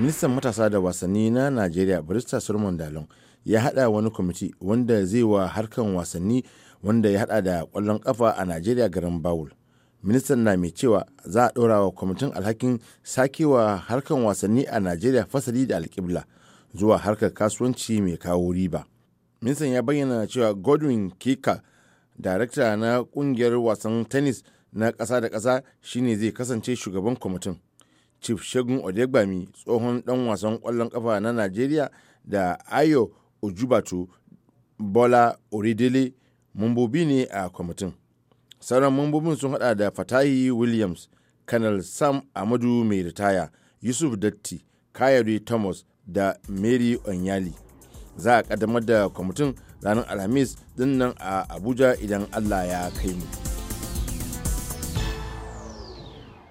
ministan matasa da wasanni na najeriya barista solomon dalon ya hada wani kwamiti wanda zai wa harkan wasanni wanda ya hada da kwallon kafa a najeriya garin bawul ministan na mai cewa za a ɗora wa kwamitin alhakin sakewa harkan wasanni a najeriya fasali da alkibla zuwa harkar kasuwanci mai kawo riba ministan ya bayyana cewa godwin kika darakta na kungiyar wasan tennis na kasa da kasa shine zai kasance shugaban kwamitin chief shagun odegbami tsohon dan wasan kwallon kafa na najeriya da ayo ojubatu bola oridele mambobi ne a kwamitin sauran mambobin sun hada da fatahi williams kanal sam amadu mai ritaya yusuf datti kayari thomas da mary onyali za a kaddamar da kwamitin ranar alhamis dinnan a abuja idan allah ya kai mu.